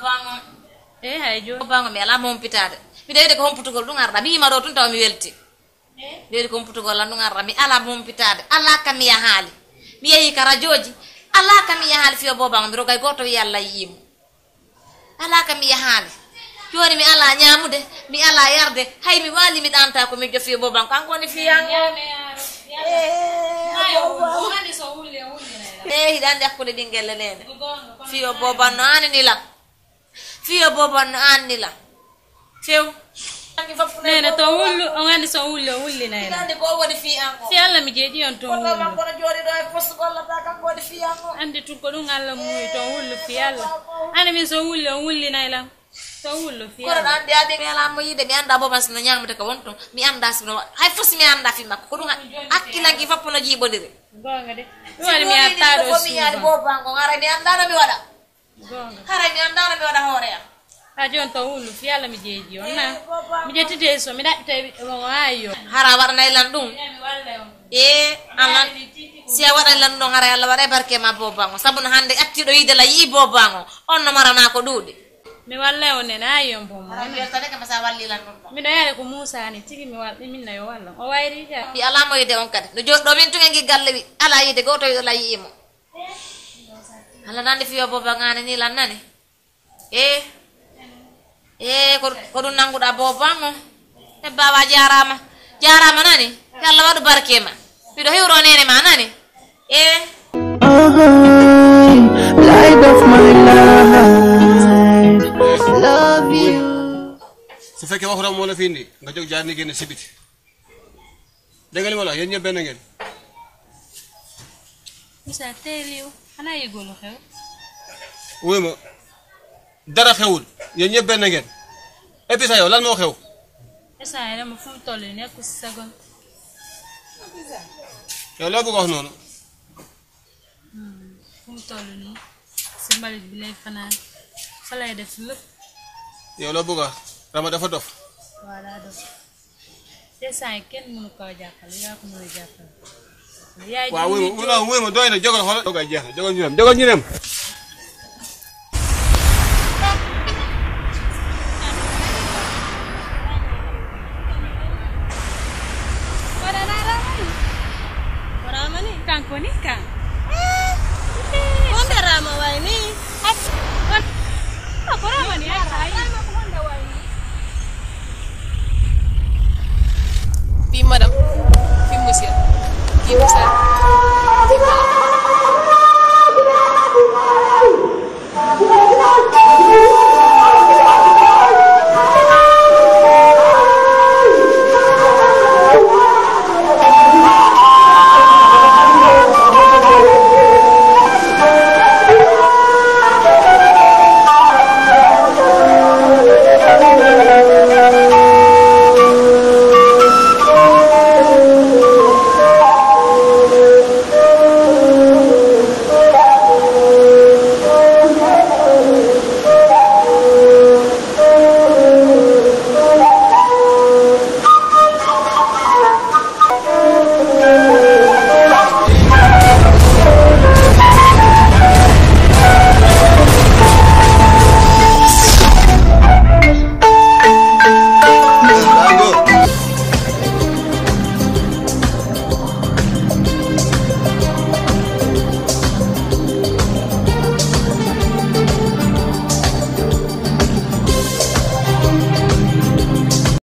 bango e hay joni bango mi ala mo humpitade miɗa wiide ko humputugol ɗum arɗa mi yima ɗo tun tawa mi welti mi wiide ko humputugol an ɗum arɗa mi ala mo humpitade ala kam mi yahaali mi yeehi ka radio ji ala kam mi yahaali fiyo bo bango mi rogay goto wi allah yiimo ala kam mi yahaali joni mi ala ñamude mi ala yarde hay mi wali mi ɗanta ko mijo fiyo bo bango kanko woni fiyango eyi hiɗande hakkude ɗinguelle nene fiyo bobanno anenila fiyo boban no anndi la few nene to wullu o anndi son wulli o wullinaenoi allah mi jeeɗi on to e anndi tunko ɗum allah muuyi to eh, wullu fi allah anndi min son wulli on wullinay lam to wullu fiaaaaamo yide mi annda boban sino ñalmete ko won ton mi annda sino hay fos mi annda fi makko ko ɗum hakkillanki fappu no jiiɓodiri gonga de ɗum waɗi mi attaɗo mi yaadi bobango ara mi anndano mi waɗa hara mi anndano mi waɗa hoore am ha joni to wullu fi allah mi jeeji on na eh, mi ƴettide so mi ɗaɓɓita mo e e aayo hara waɗanay lan ɗum e eh, ala si a waɗani lan ɗon hara allah waɗa barke ma bobago sabu no hannde attiɗo yiide la yii bobago on no marana ko ɗuuɗi mi walla e on nene aayon bomoaekama sa walli lan ɗum miɗo yaade ko musani tigi mi walɗi min nayo walla o wayrita i ala moyide on kadi no joɗɗo min tun e gi galle wi ala yiide gooto yiɗo la yiimo Ala nani fiwa bangani ni lan nani. Eh. Eh kodu nangu da bobango. E eh, baba jarama. Jarama nani? Ya Allah wadu barkema. Bido hiwro nene ma nani? Eh. Oh, Light of my life, love you. Su fekke waxu ram moo la fii nga jóg jani ni sibiti. Dégg nga li ma la yéen ñëpp ngeen. Moussa tey réew xanaa yëgoo xew. wóoy ma dara xewul yéen ñëpp benn ngeen et puis yow lan moo xew. instant yii dama fu mu toll nekkul si sa gone. yow loo hmm, fu mu toll nii si mbalit bi lay fanaan fa lay def lépp. yow loo bëgg wax dafa dof. waaw daa dof. instant yii kenn mënu koo jàppale yaa ko mën jàppale. waaw wóor ma wóor ma doy na jógal xoolal. doog a jeex na jógal ñu dem ñu dem.